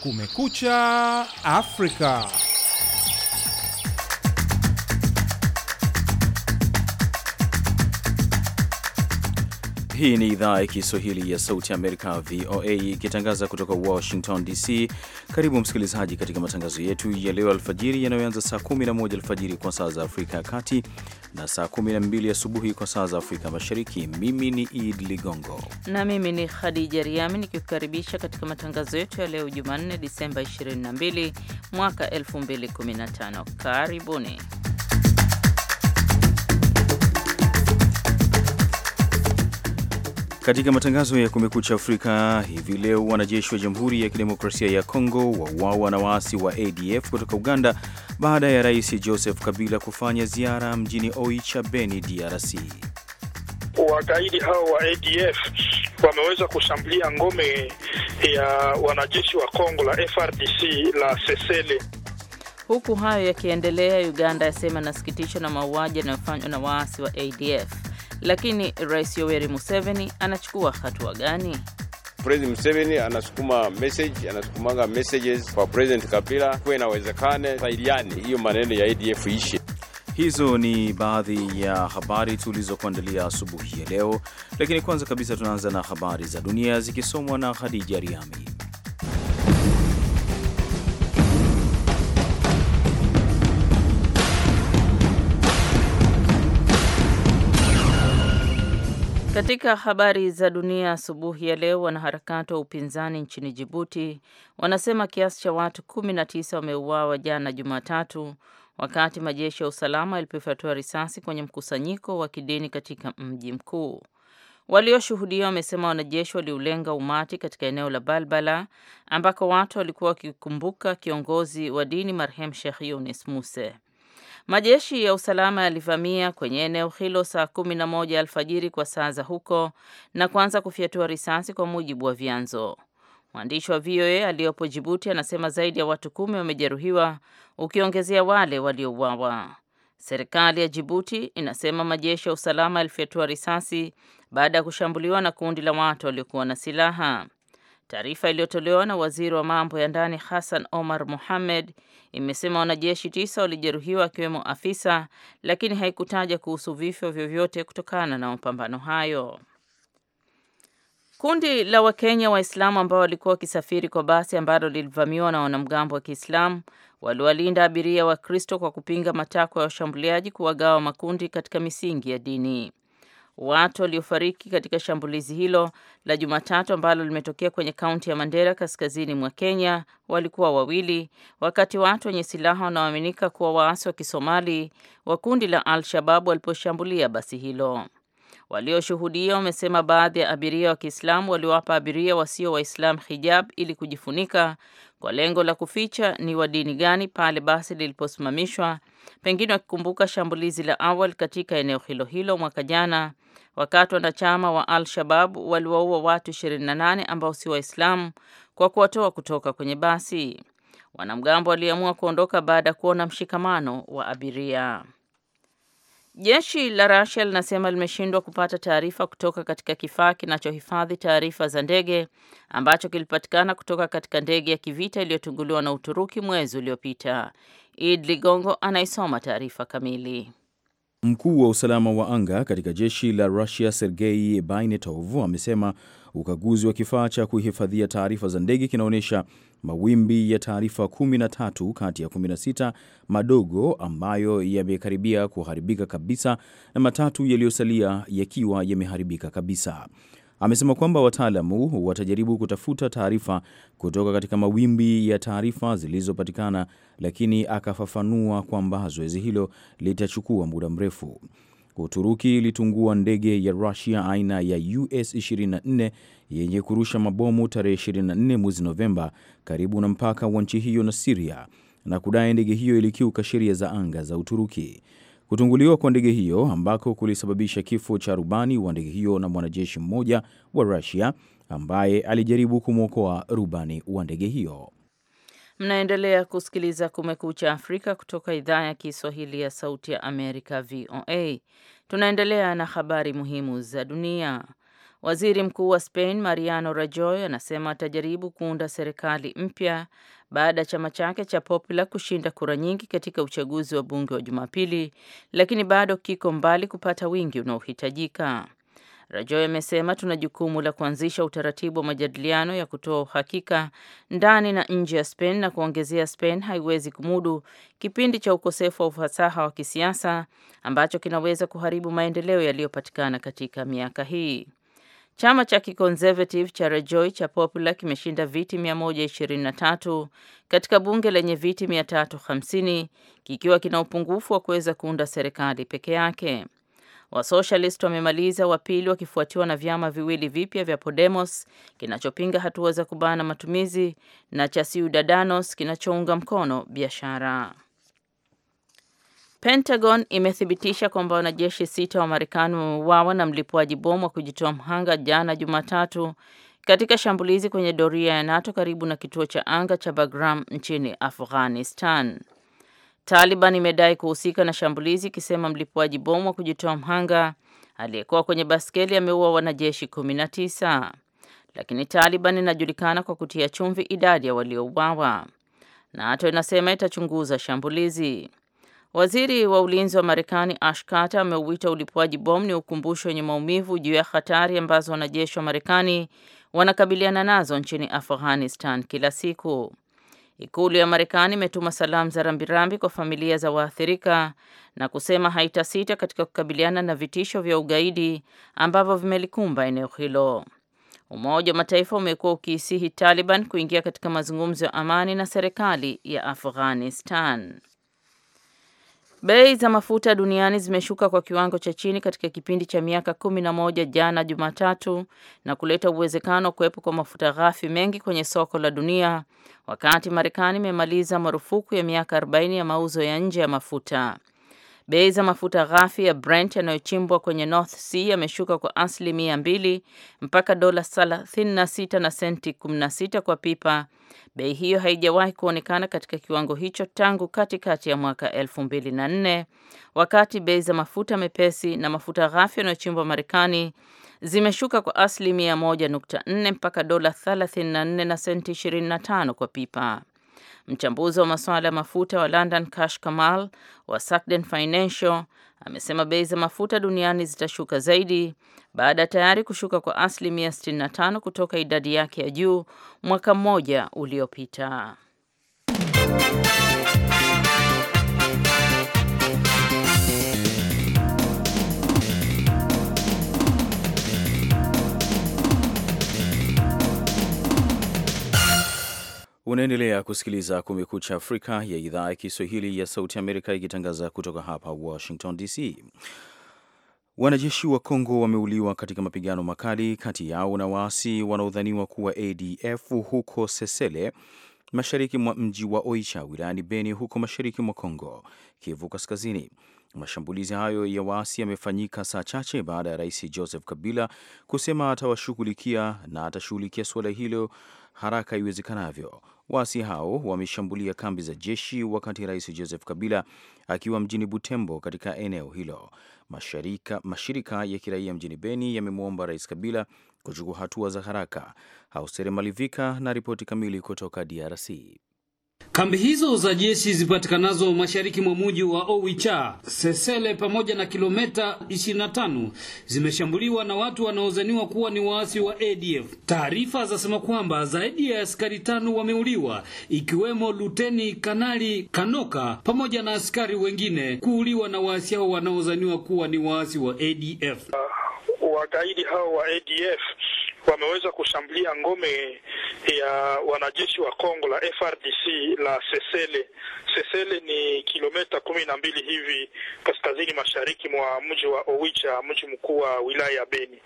Kumekucha, África. Hii ni idhaa ya Kiswahili ya Sauti ya Amerika, VOA, ikitangaza kutoka Washington DC. Karibu msikilizaji, katika matangazo yetu ya leo alfajiri yanayoanza saa 11 alfajiri kwa saa za Afrika ya Kati na saa 12 asubuhi kwa saa za Afrika Mashariki. Mimi ni Id Ligongo na mimi ni Khadija Riami nikikukaribisha katika matangazo yetu ya leo Jumanne, Disemba 22 mwaka 2015. Karibuni. Katika matangazo ya Kumekucha Afrika hivi leo, wanajeshi wa Jamhuri ya Kidemokrasia ya Kongo wauawa na waasi wa ADF kutoka Uganda baada ya Rais Joseph Kabila kufanya ziara mjini Oicha, Beni, DRC. Wagaidi hao wa ADF wameweza kushambulia ngome ya wanajeshi wa Kongo la FRDC la Sesele. Huku hayo yakiendelea, Uganda yasema inasikitishwa na mauaji yanayofanywa na waasi wa ADF. Lakini Rais Yoweri Museveni anachukua hatua gani? President Museveni anasukuma message, anasukumanga messages kwa President Kabila kuwe inawezekane sailiani hiyo maneno ya ADF ishe. Hizo ni baadhi ya habari tulizokuandalia asubuhi ya leo, lakini kwanza kabisa tunaanza na habari za dunia zikisomwa na Khadija Riami. Katika habari za dunia asubuhi ya leo, wanaharakati wa upinzani nchini Jibuti wanasema kiasi cha watu 19 wameuawa jana Jumatatu wakati majeshi ya usalama yalipofyatua risasi kwenye mkusanyiko wa kidini katika mji mkuu. Walioshuhudia wamesema wanajeshi waliulenga umati katika eneo la Balbala ambako watu walikuwa wakikumbuka kiongozi wa dini marehemu Sheikh yunis Muse. Majeshi ya usalama yalivamia kwenye eneo hilo saa kumi na moja alfajiri kwa saa za huko na kuanza kufyatua risasi kwa mujibu wa vyanzo. Mwandishi wa VOA aliyopo Jibuti anasema zaidi ya watu kumi wamejeruhiwa ukiongezea wale waliouawa. Serikali ya Jibuti inasema majeshi ya usalama yalifyatua risasi baada ya kushambuliwa na kundi la watu waliokuwa na silaha. Taarifa iliyotolewa na waziri wa mambo ya ndani Hassan Omar Mohamed imesema wanajeshi tisa walijeruhiwa akiwemo afisa, lakini haikutaja kuhusu vifo vyovyote kutokana na mapambano hayo. Kundi la Wakenya Waislamu ambao walikuwa wakisafiri kwa basi ambalo lilivamiwa na wanamgambo wa Kiislamu waliwalinda abiria Wakristo kwa kupinga matakwa ya washambuliaji kuwagawa makundi katika misingi ya dini. Watu waliofariki katika shambulizi hilo la Jumatatu ambalo limetokea kwenye kaunti ya Mandera kaskazini mwa Kenya walikuwa wawili, wakati watu wenye silaha wanaoaminika kuwa waasi wa Kisomali wa kundi la al shababu waliposhambulia basi hilo. Walioshuhudia wamesema baadhi ya abiria wa Kiislamu waliwapa abiria wasio Waislamu hijab ili kujifunika kwa lengo la kuficha ni wa dini gani pale basi liliposimamishwa, pengine wakikumbuka shambulizi la awali katika eneo hilo hilo mwaka jana, wakati wanachama wa Al-Shabab waliwaua watu 28 ambao si Waislamu kwa kuwatoa kutoka kwenye basi. Wanamgambo waliamua kuondoka baada ya kuona mshikamano wa abiria. Jeshi la Russia linasema limeshindwa kupata taarifa kutoka katika kifaa kinachohifadhi taarifa za ndege ambacho kilipatikana kutoka katika ndege ya kivita iliyotunguliwa na Uturuki mwezi uliopita. Id Ligongo anaisoma taarifa kamili. Mkuu wa usalama wa anga katika jeshi la Russia Sergei Bainetov amesema ukaguzi wa kifaa cha kuhifadhia taarifa za ndege kinaonyesha mawimbi ya taarifa 13 kati ya 16 madogo ambayo yamekaribia kuharibika kabisa na matatu yaliyosalia yakiwa yameharibika kabisa. Amesema kwamba wataalamu watajaribu kutafuta taarifa kutoka katika mawimbi ya taarifa zilizopatikana, lakini akafafanua kwamba zoezi hilo litachukua muda mrefu. Uturuki ilitungua ndege ya Rusia aina ya US-24 yenye kurusha mabomu tarehe 24 mwezi Novemba karibu na mpaka wa nchi hiyo na Siria na kudai ndege hiyo ilikiuka sheria za anga za Uturuki. Kutunguliwa kwa ndege hiyo ambako kulisababisha kifo cha rubani wa ndege hiyo na mwanajeshi mmoja wa Rusia ambaye alijaribu kumwokoa rubani wa ndege hiyo. Mnaendelea kusikiliza Kumekucha Afrika kutoka idhaa ya Kiswahili ya Sauti ya Amerika, VOA. Tunaendelea na habari muhimu za dunia. Waziri Mkuu wa Spain Mariano Rajoy anasema atajaribu kuunda serikali mpya baada ya chama chake cha Popular kushinda kura nyingi katika uchaguzi wa bunge wa Jumapili, lakini bado kiko mbali kupata wingi unaohitajika. Rajoy amesema tuna jukumu la kuanzisha utaratibu wa majadiliano ya kutoa uhakika ndani na nje ya Spain na kuongezea, Spain haiwezi kumudu kipindi cha ukosefu wa ufasaha wa kisiasa ambacho kinaweza kuharibu maendeleo yaliyopatikana katika miaka hii. Chama cha kiconservative cha rejoi cha Popular kimeshinda viti 123 katika bunge lenye viti 350 kikiwa kina upungufu wa kuweza kuunda serikali peke yake. Wasocialist wamemaliza wa pili wakifuatiwa na vyama viwili vipya vya Podemos kinachopinga hatua za kubana matumizi na cha Ciudadanos kinachounga mkono biashara. Pentagon imethibitisha kwamba wanajeshi sita wa Marekani wameuawa na mlipuaji bomu wa kujitoa mhanga jana Jumatatu katika shambulizi kwenye doria ya NATO karibu na kituo cha anga cha Bagram nchini Afghanistan. Taliban imedai kuhusika na shambulizi ikisema mlipuaji bomu wa kujitoa mhanga aliyekuwa kwenye baskeli ameua wanajeshi 19, lakini Taliban inajulikana kwa kutia chumvi idadi ya waliouawa. NATO inasema itachunguza shambulizi. Waziri wa ulinzi wa Marekani Ash Carter ameuita ulipuaji bomu ni ukumbusho wenye maumivu juu ya hatari ambazo wanajeshi wa Marekani wanakabiliana nazo nchini Afghanistan kila siku. Ikulu ya Marekani imetuma salamu za rambirambi kwa familia za waathirika na kusema haitasita katika kukabiliana na vitisho vya ugaidi ambavyo vimelikumba eneo hilo. Umoja wa Mataifa umekuwa ukiisihi Taliban kuingia katika mazungumzo ya amani na serikali ya Afghanistan. Bei za mafuta duniani zimeshuka kwa kiwango cha chini katika kipindi cha miaka kumi na moja jana Jumatatu na kuleta uwezekano wa kuwepo kwa mafuta ghafi mengi kwenye soko la dunia wakati Marekani imemaliza marufuku ya miaka 40 ya mauzo ya nje ya mafuta. Bei za mafuta ghafi ya Brent yanayochimbwa kwenye North Sea yameshuka kwa asilimia mbili mpaka dola 36 na senti 16 kwa pipa. Bei hiyo haijawahi kuonekana katika kiwango hicho tangu katikati ya mwaka 2004 wakati bei za mafuta mepesi na mafuta ghafi yanayochimbwa Marekani zimeshuka kwa asilimia 1.4 mpaka dola 34 na senti 25 kwa pipa. Mchambuzi wa masuala ya mafuta wa London Kash Kamal wa Sakden Financial amesema bei za mafuta duniani zitashuka zaidi baada ya tayari kushuka kwa asilimia 65 kutoka idadi yake ya juu mwaka mmoja uliopita. Unaendelea kusikiliza Kumekucha Afrika ya idhaa ya Kiswahili ya Sauti Amerika ikitangaza kutoka hapa Washington DC. Wanajeshi wa Kongo wameuliwa katika mapigano makali kati yao na waasi wanaodhaniwa kuwa ADF huko Sesele mashariki mwa mji wa Oicha wilayani Beni huko mashariki mwa Kongo, Kivu Kaskazini. Mashambulizi hayo ya waasi yamefanyika saa chache baada ya Rais Joseph Kabila kusema atawashughulikia na atashughulikia suala hilo haraka iwezekanavyo. Waasi hao wameshambulia kambi za jeshi wakati Rais Joseph Kabila akiwa mjini Butembo katika eneo hilo. Mashirika, mashirika ya kiraia mjini Beni yamemwomba Rais Kabila kuchukua hatua za haraka. Hausere Malivika na ripoti kamili kutoka DRC. Kambi hizo za jeshi zipatikanazo mashariki mwa mji wa Owicha, Sesele pamoja na kilomita 25 zimeshambuliwa na watu wanaozaniwa kuwa ni waasi wa ADF. Taarifa zasema kwamba zaidi ya askari tano wameuliwa ikiwemo Luteni Kanali Kanoka pamoja na askari wengine kuuliwa na waasi hao wanaozaniwa kuwa ni waasi wa ADF. Uh, wagaidi hao wa ADF wameweza kushambulia ngome ya wanajeshi wa Kongo la FRDC la Sesele. Sesele ni kilomita kumi na mbili hivi kaskazini mashariki mwa mji wa Owicha, mji mkuu wa wilaya ya Beni.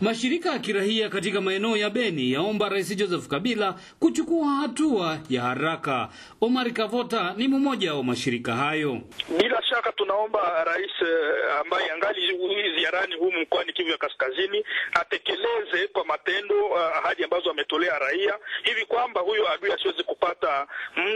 Mashirika ya kirahia katika maeneo ya Beni yaomba Rais Joseph Kabila kuchukua hatua ya haraka. Omar Kavota ni mmoja wa mashirika hayo. Bila shaka tunaomba rais eh, ambaye angali ziarani humu mkoani Kivu ya Kaskazini atekeleze kwa matendo uh, ahadi ambazo ametolea raia hivi kwamba huyo adui asiwezi kupata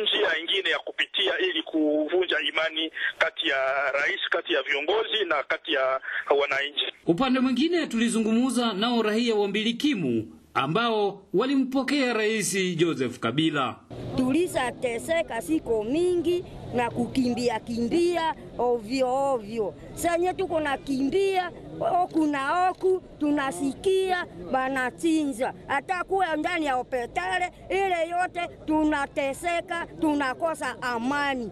njia ingine ya kupitia ili kuvunja imani kati ya rais, kati ya viongozi na kati ya wananchi. Upande mwingine tulizungumza nao raia wa Mbilikimu ambao walimpokea Rais Joseph Kabila. Tulisateseka siko mingi na kukimbia kimbia ovyo ovyo, senye tuko na kimbia oku na oku, tunasikia banachinja hata kuwa ndani ya opetale ile yote, tunateseka tunakosa amani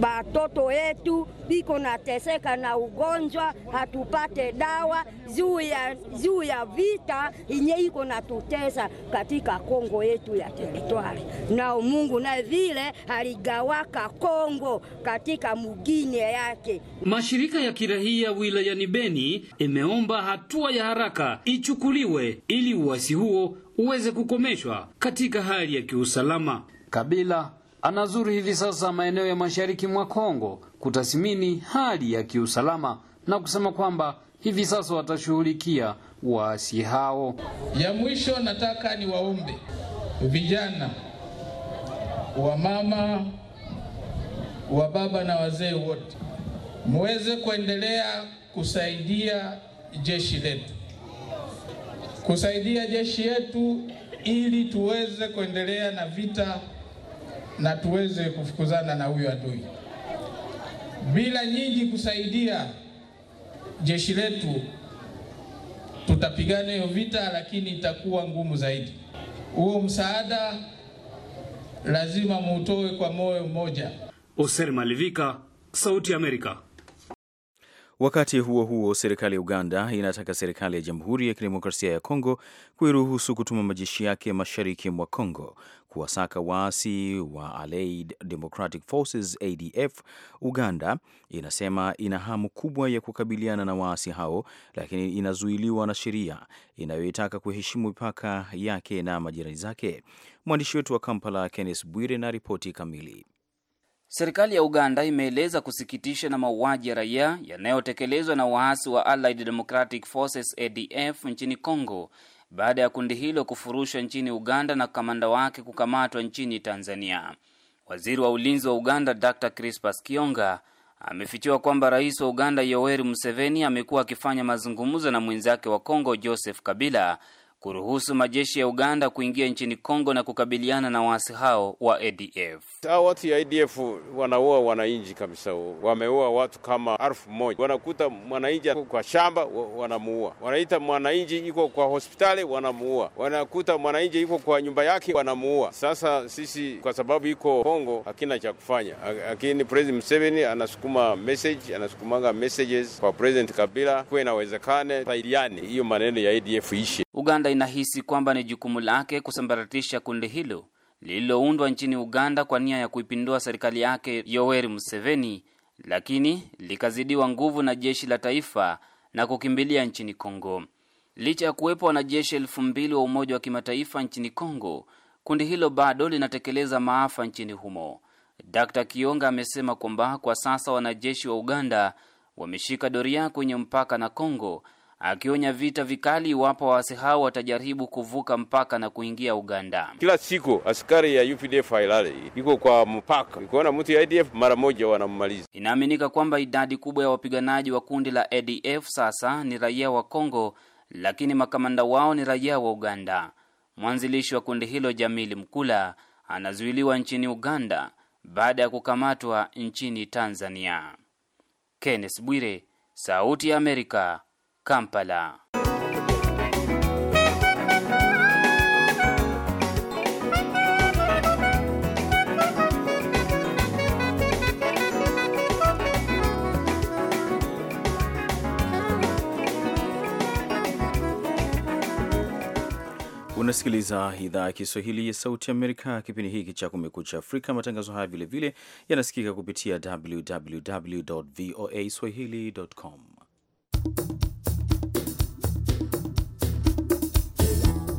batoto yetu biko nateseka na ugonjwa, hatupate dawa juu ya juu ya vita inye iko natutesa katika Kongo yetu ya teritwari. Nao Mungu naye vile aligawaka Kongo katika mugine yake. Mashirika ya kirahia wilayani Beni imeomba hatua ya haraka ichukuliwe ili uasi huo uweze kukomeshwa katika hali ya kiusalama. Kabila anazuru hivi sasa maeneo ya mashariki mwa Kongo kutathmini hali ya kiusalama na kusema kwamba hivi sasa watashughulikia waasi hao. Ya mwisho, nataka niwaombe vijana, wa mama wa baba na wazee wote muweze kuendelea kusaidia jeshi letu, kusaidia jeshi yetu ili tuweze kuendelea na vita na tuweze kufukuzana na huyo adui. Bila nyinyi kusaidia jeshi letu, tutapigana hiyo vita, lakini itakuwa ngumu zaidi. Huo msaada lazima muutoe kwa moyo mmoja. Oser Malivika, Sauti Amerika. Wakati huo huo, serikali ya Uganda inataka serikali ya Jamhuri ya Kidemokrasia ya Kongo kuiruhusu kutuma majeshi yake mashariki mwa Kongo kuwasaka waasi wa Allied Democratic Forces ADF. Uganda inasema ina hamu kubwa ya kukabiliana na waasi hao, lakini inazuiliwa na sheria inayoitaka kuheshimu mipaka yake na majirani zake. Mwandishi wetu wa Kampala Kenneth Bwire na ripoti kamili. Serikali ya Uganda imeeleza kusikitisha na mauaji ya raia yanayotekelezwa na waasi wa Allied Democratic Forces ADF nchini Congo baada ya kundi hilo kufurushwa nchini Uganda na kamanda wake kukamatwa nchini Tanzania. Waziri wa ulinzi wa Uganda Dr Crispas Kionga amefichiwa kwamba rais wa Uganda Yoweri Museveni amekuwa akifanya mazungumzo na mwenzake wa Kongo Joseph Kabila kuruhusu majeshi ya Uganda kuingia nchini Kongo na kukabiliana na waasi hao wa ADF. Hao watu ya ADF wanaua wananchi kabisa, wameua watu kama elfu moja. Wanakuta mwananchi kwa shamba wanamuua, wanaita mwananchi iko kwa hospitali wanamuua, wanakuta mwananchi iko kwa nyumba yake wanamuua. Sasa sisi kwa sababu iko Kongo hakina cha kufanya, lakini President Museveni anasukuma message, anasukumanga messages kwa President Kabila kuwe inawezekane, saidiani hiyo maneno ya ADF ishe Uganda inahisi kwamba ni jukumu lake kusambaratisha kundi hilo lililoundwa nchini Uganda kwa nia ya kuipindua serikali yake Yoweri Museveni, lakini likazidiwa nguvu na jeshi la taifa na kukimbilia nchini Kongo. Licha ya kuwepo wanajeshi elfu mbili wa Umoja wa Kimataifa nchini Kongo, kundi hilo bado linatekeleza maafa nchini humo. Dr. Kionga amesema kwamba kwa sasa wanajeshi wa Uganda wameshika doria kwenye mpaka na Kongo akionya vita vikali iwapo waasi hao watajaribu kuvuka mpaka na kuingia Uganda. Kila siku askari ya UPDF hailali, iko kwa mpaka, ikiona mtu ya ADF mara moja wanammaliza. Inaaminika kwamba idadi kubwa ya wapiganaji wa kundi la ADF sasa ni raia wa Kongo, lakini makamanda wao ni raia wa Uganda. Mwanzilishi wa kundi hilo Jamili Mkula anazuiliwa nchini Uganda baada ya kukamatwa nchini Tanzania. Kenneth Bwire, Sauti ya Amerika, Kampala. Unasikiliza idhaa ya Kiswahili ya Sauti Amerika, kipindi hiki cha Kumekucha Afrika. Matangazo haya vilevile yanasikika kupitia www voa swahili.com.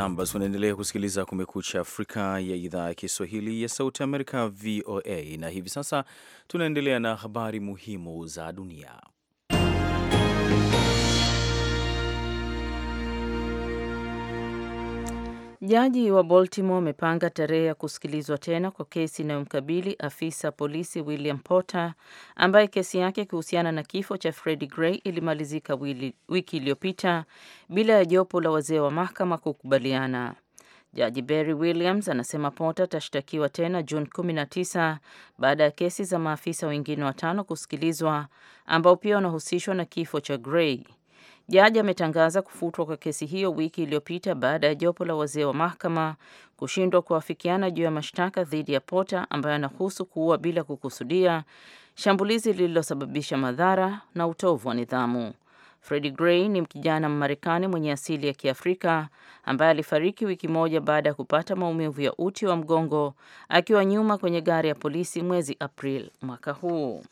Nam, basi unaendelea kusikiliza Kumekucha Afrika ya idhaa ya Kiswahili ya Sauti Amerika, VOA, na hivi sasa tunaendelea na habari muhimu za dunia. Jaji wa Baltimore amepanga tarehe ya kusikilizwa tena kwa kesi inayomkabili afisa polisi William Potter ambaye kesi yake kuhusiana na kifo cha Freddie Gray ilimalizika wiki iliyopita bila ya jopo la wazee wa mahakama kukubaliana. Jaji Barry Williams anasema Potter atashtakiwa tena Juni 19 baada ya kesi za maafisa wengine watano kusikilizwa ambao pia wanahusishwa na kifo cha Gray. Jaji ametangaza kufutwa kwa kesi hiyo wiki iliyopita baada ya jopo la wazee wa mahakama kushindwa kuafikiana juu ya mashtaka dhidi ya pota ambayo anahusu kuua bila kukusudia, shambulizi lililosababisha madhara na utovu wa nidhamu. Freddie Gray ni kijana Mmarekani mwenye asili ya Kiafrika ambaye alifariki wiki moja baada ya kupata maumivu ya uti wa mgongo akiwa nyuma kwenye gari ya polisi mwezi april mwaka huu.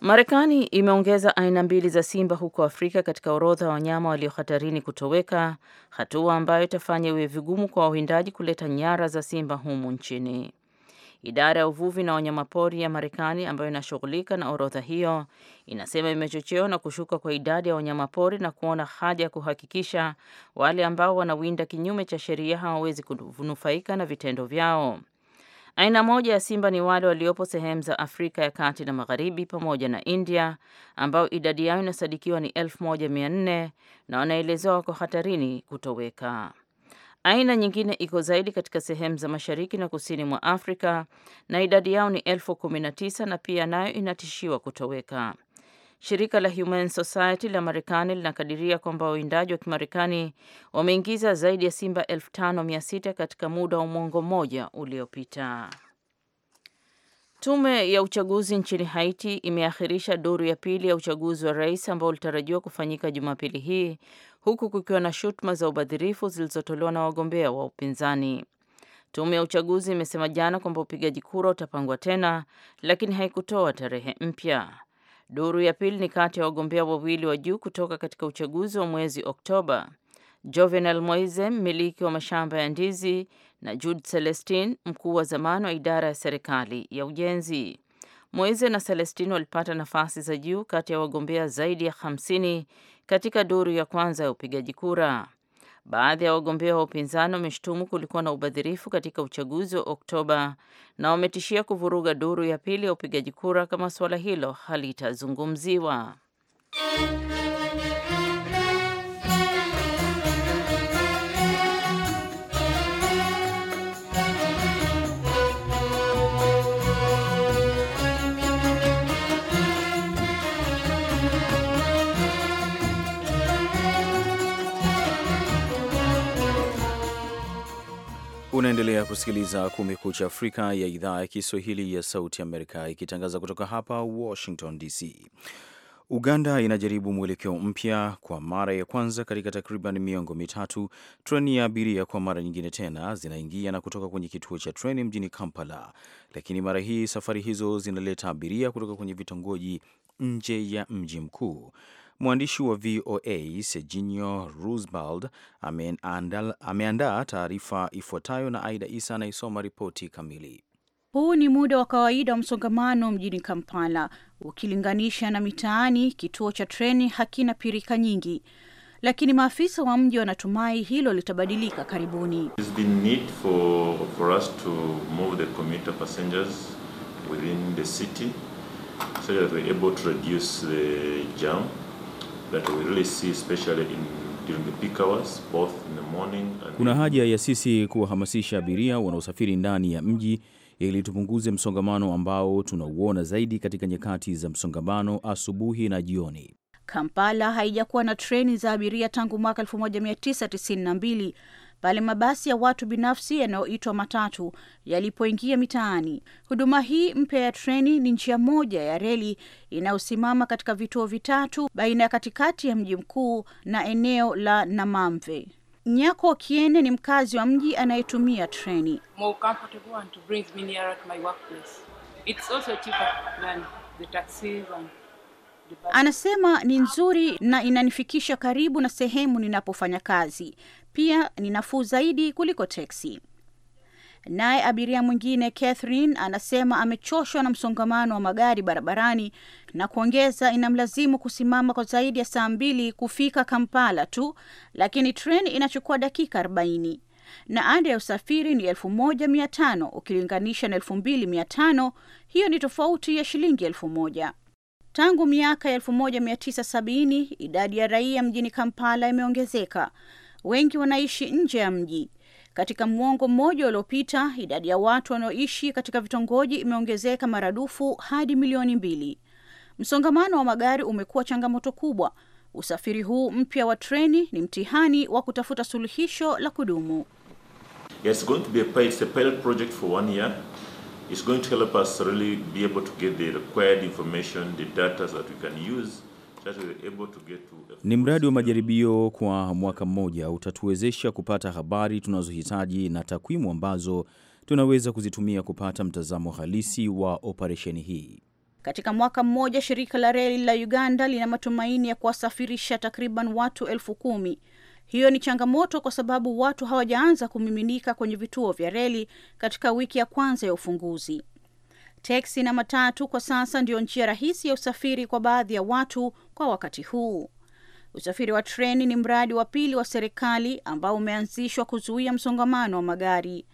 Marekani imeongeza aina mbili za simba huko Afrika katika orodha ya wanyama walio hatarini kutoweka, hatua ambayo itafanya iwe vigumu kwa wawindaji kuleta nyara za simba humu nchini. Idara ya uvuvi na wanyamapori ya Marekani ambayo inashughulika na orodha hiyo inasema imechochewa na kushuka kwa idadi ya wanyamapori na kuona haja ya kuhakikisha wale ambao wanawinda kinyume cha sheria hawawezi kunufaika na vitendo vyao. Aina moja ya simba ni wale waliopo sehemu za Afrika ya Kati na Magharibi pamoja na India ambao idadi yao inasadikiwa ni 1400 na wanaelezewa wako hatarini kutoweka. Aina nyingine iko zaidi katika sehemu za mashariki na kusini mwa Afrika na idadi yao ni 19 na pia nayo inatishiwa kutoweka. Shirika la Human Society la Marekani linakadiria kwamba wawindaji wa Kimarekani wameingiza zaidi ya simba 5600 katika muda wa mwongo mmoja uliopita. Tume ya uchaguzi nchini Haiti imeahirisha duru ya pili ya uchaguzi wa rais ambao ulitarajiwa kufanyika Jumapili hii huku kukiwa na shutuma za ubadhirifu zilizotolewa na wagombea wa upinzani. Tume ya uchaguzi imesema jana kwamba upigaji kura utapangwa tena, lakini haikutoa tarehe mpya. Duru ya pili ni kati ya wagombea wawili wa juu kutoka katika uchaguzi wa mwezi Oktoba, Jovenel Moise, mmiliki wa mashamba ya ndizi, na Jude Celestin, mkuu wa zamani wa idara ya serikali ya ujenzi. Moise na Celestin walipata nafasi za juu kati ya wagombea zaidi ya 50 katika duru ya kwanza ya upigaji kura. Baadhi ya wagombea wa upinzani wameshutumu kulikuwa na ubadhirifu katika uchaguzi wa Oktoba na wametishia kuvuruga duru ya pili ya upigaji kura kama suala hilo halitazungumziwa. Unaendelea kusikiliza Kumekucha Afrika ya idhaa ya Kiswahili ya Sauti Amerika ikitangaza kutoka hapa Washington DC. Uganda inajaribu mwelekeo mpya kwa mara ya kwanza katika takriban miongo mitatu. Treni ya abiria kwa mara nyingine tena zinaingia na kutoka kwenye kituo cha treni mjini Kampala, lakini mara hii safari hizo zinaleta abiria kutoka kwenye vitongoji nje ya mji mkuu. Mwandishi wa VOA Sejinyo Rusbald ameandaa taarifa ifuatayo na Aida Isa anaisoma ripoti kamili. Huu ni muda wa kawaida wa msongamano mjini Kampala ukilinganisha na mitaani. Kituo cha treni hakina pirika nyingi, lakini maafisa wa mji wanatumai hilo litabadilika karibuni. So that we really see especially in during the peak hours both in the morning and kuna haja ya sisi kuwahamasisha abiria wanaosafiri ndani ya mji ili tupunguze msongamano ambao tunauona zaidi katika nyakati za msongamano asubuhi na jioni. Kampala haijakuwa na treni za abiria tangu mwaka 1992 pale mabasi ya watu binafsi yanayoitwa matatu yalipoingia mitaani. Huduma hii mpya ya treni ni njia moja ya reli inayosimama katika vituo vitatu baina ya katikati ya mji mkuu na eneo la Namamve. Nyako Kiene ni mkazi wa mji anayetumia treni. It's Anasema ni nzuri na inanifikisha karibu na sehemu ninapofanya kazi, pia ni nafuu zaidi kuliko teksi. Naye abiria mwingine Catherine anasema amechoshwa na msongamano wa magari barabarani na kuongeza inamlazimu kusimama kwa zaidi ya saa mbili kufika Kampala tu, lakini treni inachukua dakika 40 na ada ya usafiri ni elfu moja tano ukilinganisha na elfu Hiyo ni tofauti ya shilingi elfu moja. Tangu miaka ya 1970 idadi ya raia mjini Kampala imeongezeka. Wengi wanaishi nje ya mji. Katika mwongo mmoja uliopita, idadi ya watu wanaoishi katika vitongoji imeongezeka maradufu hadi milioni mbili. Msongamano wa magari umekuwa changamoto kubwa. Usafiri huu mpya wa treni ni mtihani wa kutafuta suluhisho la kudumu. Yes, is going to help us really be able to get the required information, the data that we can use. Ni mradi wa majaribio kwa mwaka mmoja, utatuwezesha kupata habari tunazohitaji na takwimu ambazo tunaweza kuzitumia kupata mtazamo halisi wa operesheni hii. Katika mwaka mmoja, shirika la reli la Uganda lina matumaini ya kuwasafirisha takriban watu elfu kumi hiyo ni changamoto kwa sababu watu hawajaanza kumiminika kwenye vituo vya reli katika wiki ya kwanza ya ufunguzi. Teksi na matatu kwa sasa ndiyo njia rahisi ya usafiri kwa baadhi ya watu kwa wakati huu. Usafiri wa treni ni mradi wa pili wa serikali ambao umeanzishwa kuzuia msongamano wa magari.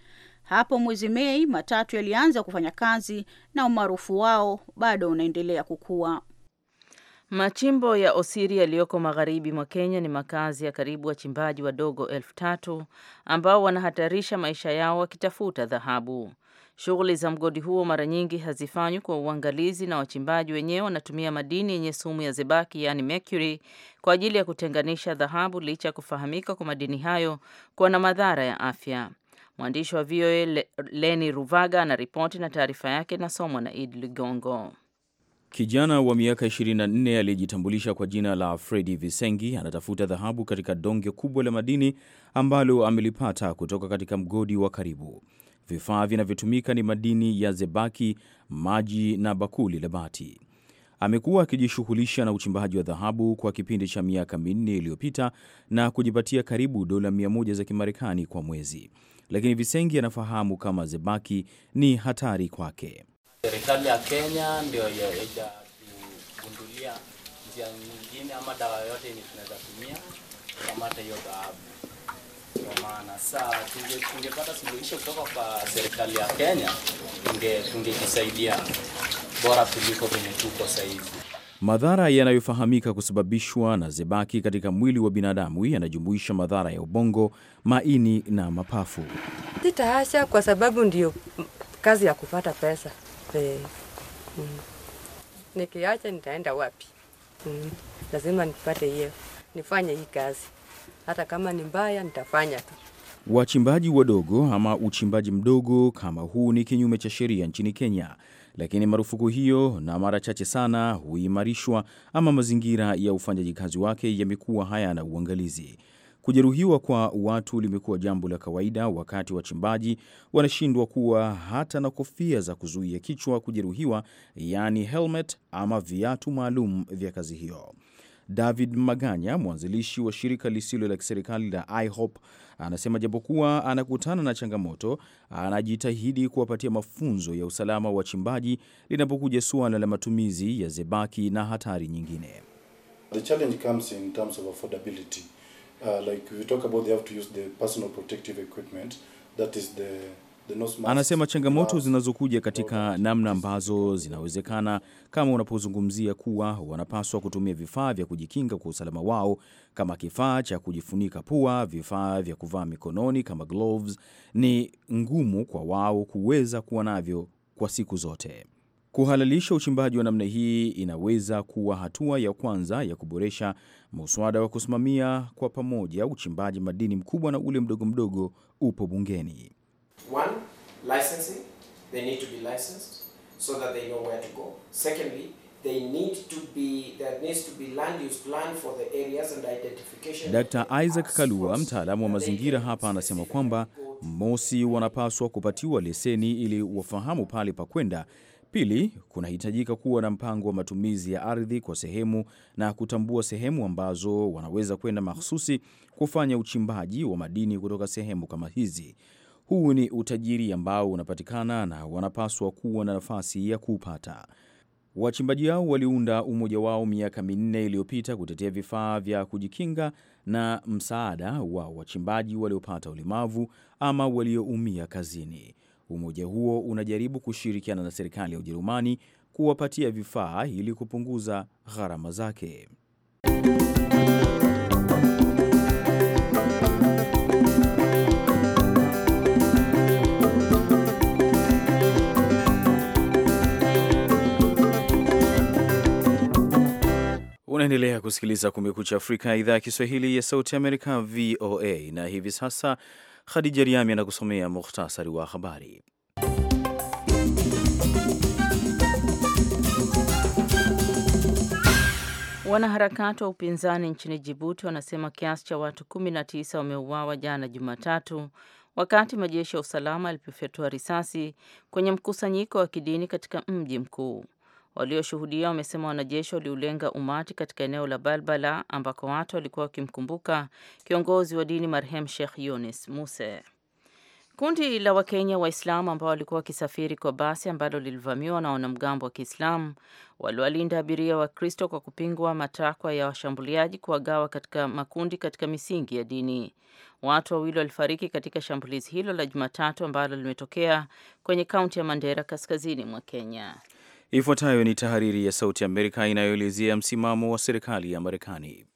Hapo mwezi Mei, matatu yalianza kufanya kazi na umaarufu wao bado unaendelea kukua. Machimbo ya Osiri yaliyoko magharibi mwa Kenya ni makazi ya karibu wachimbaji wadogo elfu tatu ambao wanahatarisha maisha yao wakitafuta dhahabu. Shughuli za mgodi huo mara nyingi hazifanywi kwa uangalizi na wachimbaji wenyewe wanatumia madini yenye sumu ya zebaki, yaani mercury, kwa ajili ya kutenganisha dhahabu licha ya kufahamika kwa madini hayo kuwa na madhara ya afya. Mwandishi wa VOA Leni Ruvaga anaripoti na taarifa yake inasomwa na id Ligongo. Kijana wa miaka 24 aliyejitambulisha kwa jina la Fredi Visengi anatafuta dhahabu katika donge kubwa la madini ambalo amelipata kutoka katika mgodi wa karibu. Vifaa vinavyotumika ni madini ya zebaki, maji na bakuli la bati. Amekuwa akijishughulisha na uchimbaji wa dhahabu kwa kipindi cha miaka minne iliyopita na kujipatia karibu dola 100 za Kimarekani kwa mwezi, lakini Visengi anafahamu kama zebaki ni hatari kwake. Serikali ya Kenya ndio haijagundulia njia nyingine ama dawa yote ni tunaweza tumia hata hiyo dhahabu. Kwa maana saa tungepata suluhisho kutoka kwa serikali ya Kenya tungejisaidia bora kuliko venye tuko sasa hivi. Madhara yanayofahamika kusababishwa na zebaki katika mwili wa binadamu yanajumuisha madhara ya ubongo, maini na mapafu. Sitaasha kwa sababu ndiyo kazi ya kupata pesa. Eh, mm. Nikiacha nitaenda wapi? Mm. Lazima nipate hiyo, nifanye hii kazi, hata kama ni mbaya nitafanya tu. Wachimbaji wadogo ama uchimbaji mdogo kama huu ni kinyume cha sheria nchini Kenya, lakini marufuku hiyo na mara chache sana huimarishwa ama mazingira ya ufanyaji kazi wake yamekuwa hayana uangalizi. Kujeruhiwa kwa watu limekuwa jambo la kawaida, wakati wachimbaji wanashindwa kuwa hata na kofia za kuzuia kichwa kujeruhiwa, yaani helmet ama viatu maalum vya kazi hiyo. David Maganya, mwanzilishi wa shirika lisilo la kiserikali la IHOP, anasema japokuwa anakutana na changamoto, anajitahidi kuwapatia mafunzo ya usalama wa wachimbaji linapokuja suala la matumizi ya zebaki na hatari nyingine. The challenge comes in terms of affordability. Uh, like we talk about they have to use the personal protective equipment that is the Anasema changamoto zinazokuja katika namna ambazo zinawezekana kama unapozungumzia kuwa wanapaswa kutumia vifaa vya kujikinga kwa usalama wao kama kifaa cha kujifunika pua, vifaa vya kuvaa mikononi kama gloves, ni ngumu kwa wao kuweza kuwa navyo kwa siku zote. Kuhalalisha uchimbaji wa namna hii inaweza kuwa hatua ya kwanza ya kuboresha Muswada wa kusimamia kwa pamoja uchimbaji madini mkubwa na ule mdogo mdogo upo bungeni. One, licensing. They need to be licensed so that they know where to go. Secondly, they need to be, there needs to be land use plan for the areas and identification. Dr. Isaac Kalua, mtaalamu wa mazingira hapa, anasema kwamba mosi, wanapaswa kupatiwa leseni ili wafahamu pale pa kwenda Pili, kunahitajika kuwa na mpango wa matumizi ya ardhi kwa sehemu na kutambua sehemu ambazo wanaweza kwenda makhususi kufanya uchimbaji wa madini kutoka sehemu kama hizi. Huu ni utajiri ambao unapatikana na wanapaswa kuwa na nafasi ya kuupata. Wachimbaji hao waliunda umoja wao miaka minne iliyopita kutetea vifaa vya kujikinga na msaada wa wachimbaji waliopata ulemavu ama walioumia kazini. Umoja huo unajaribu kushirikiana na serikali ya Ujerumani kuwapatia vifaa ili kupunguza gharama zake. Unaendelea kusikiliza Kumekucha Afrika, idhaa ya Kiswahili ya Sauti Amerika, VOA, na hivi sasa Khadija Riami anakusomea muhtasari wa habari. Wanaharakati wa upinzani nchini Jibuti wanasema kiasi cha watu 19 wameuawa jana Jumatatu wakati majeshi ya usalama yalipofyatua risasi kwenye mkusanyiko wa kidini katika mji mkuu. Walioshuhudia wamesema wanajeshi waliulenga umati katika eneo la Balbala ambako watu walikuwa wakimkumbuka kiongozi wa dini marehemu Sheikh Yunis Muse. Kundi la Wakenya Waislamu ambao walikuwa wakisafiri kwa basi ambalo lilivamiwa na wanamgambo wa Kiislamu waliwalinda abiria wa Kristo kwa kupingwa matakwa ya washambuliaji kuwagawa katika makundi katika misingi ya dini. Watu wawili walifariki katika shambulizi hilo la Jumatatu ambalo limetokea kwenye kaunti ya Mandera kaskazini mwa Kenya. Ifuatayo ni tahariri ya Sauti ya Amerika inayoelezea msimamo wa serikali ya Marekani.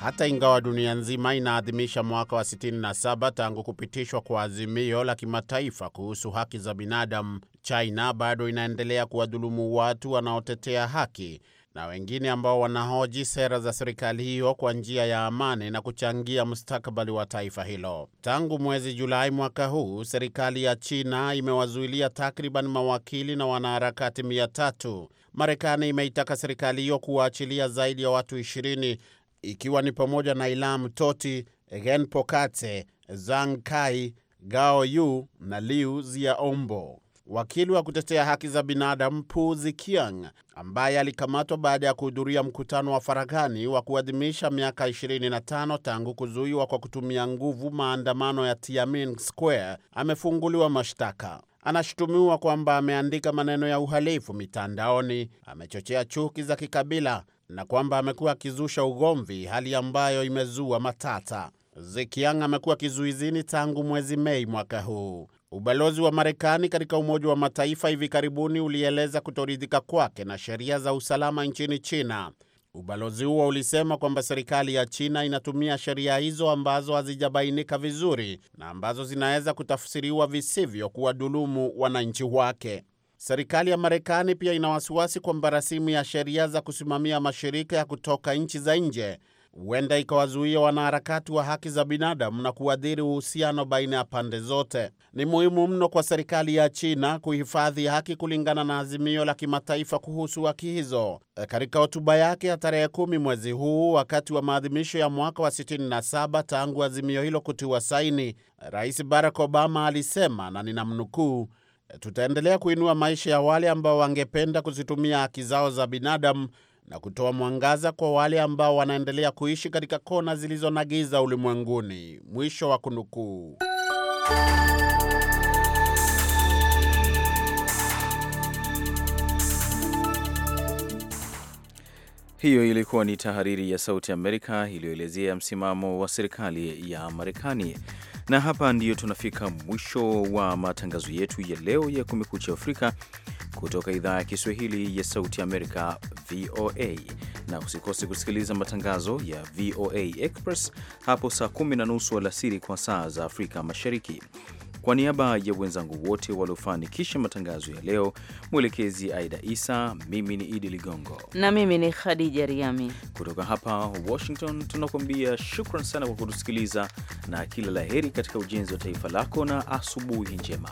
Hata ingawa dunia nzima inaadhimisha mwaka wa 67 tangu kupitishwa kwa azimio la kimataifa kuhusu haki za binadamu, China bado inaendelea kuwadhulumu watu wanaotetea haki na wengine ambao wanahoji sera za serikali hiyo kwa njia ya amani na kuchangia mustakabali wa taifa hilo. Tangu mwezi Julai mwaka huu, serikali ya China imewazuilia takriban mawakili na wanaharakati mia tatu. Marekani imeitaka serikali hiyo kuwaachilia zaidi ya watu ishirini ikiwa ni pamoja na Ilam toti Gen Pokate, Zhang Kai, Gao Yu na Liu Ziaombo. Wakili wa kutetea haki za binadamu Puzi Kiang, ambaye alikamatwa baada ya kuhudhuria mkutano wa faragani wa kuadhimisha miaka 25 tangu kuzuiwa kwa kutumia nguvu maandamano ya Tiananmen Square, amefunguliwa mashtaka. Anashutumiwa kwamba ameandika maneno ya uhalifu mitandaoni, amechochea chuki za kikabila na kwamba amekuwa akizusha ugomvi, hali ambayo imezua matata. Zikiang amekuwa kizuizini tangu mwezi Mei mwaka huu. Ubalozi wa Marekani katika Umoja wa Mataifa hivi karibuni ulieleza kutoridhika kwake na sheria za usalama nchini China. Ubalozi huo ulisema kwamba serikali ya China inatumia sheria hizo ambazo hazijabainika vizuri na ambazo zinaweza kutafsiriwa visivyo kuwadhulumu wananchi wake. Serikali ya Marekani pia ina wasiwasi kwamba rasimu ya sheria za kusimamia mashirika ya kutoka nchi za nje huenda ikawazuia wanaharakati wa haki za binadamu na kuadhiri uhusiano baina ya pande zote. Ni muhimu mno kwa serikali ya China kuhifadhi haki kulingana na azimio la kimataifa kuhusu haki hizo. E, katika hotuba yake ya tarehe kumi mwezi huu, wakati wa maadhimisho ya mwaka wa 67 tangu azimio hilo kutiwa saini, Rais Barack Obama alisema, na ninamnukuu, e, tutaendelea kuinua maisha ya wale ambao wangependa kuzitumia haki zao za binadamu na kutoa mwangaza kwa wale ambao wanaendelea kuishi katika kona zilizo na giza ulimwenguni. Mwisho wa kunukuu. Hiyo ilikuwa ni tahariri ya Sauti Amerika iliyoelezea msimamo wa serikali ya Marekani. Na hapa ndiyo tunafika mwisho wa matangazo yetu ya leo ya Kumekucha Afrika kutoka idhaa ya Kiswahili ya Sauti Amerika, VOA, na usikose kusikiliza matangazo ya VOA Express hapo saa kumi na nusu alasiri kwa saa za Afrika Mashariki. Kwa niaba ya wenzangu wote waliofanikisha matangazo ya leo, mwelekezi Aida Isa, mimi ni Idi Ligongo na mimi ni Khadija Riami kutoka hapa Washington, tunakuambia shukran sana kwa kutusikiliza na kila la heri katika ujenzi wa taifa lako na asubuhi njema.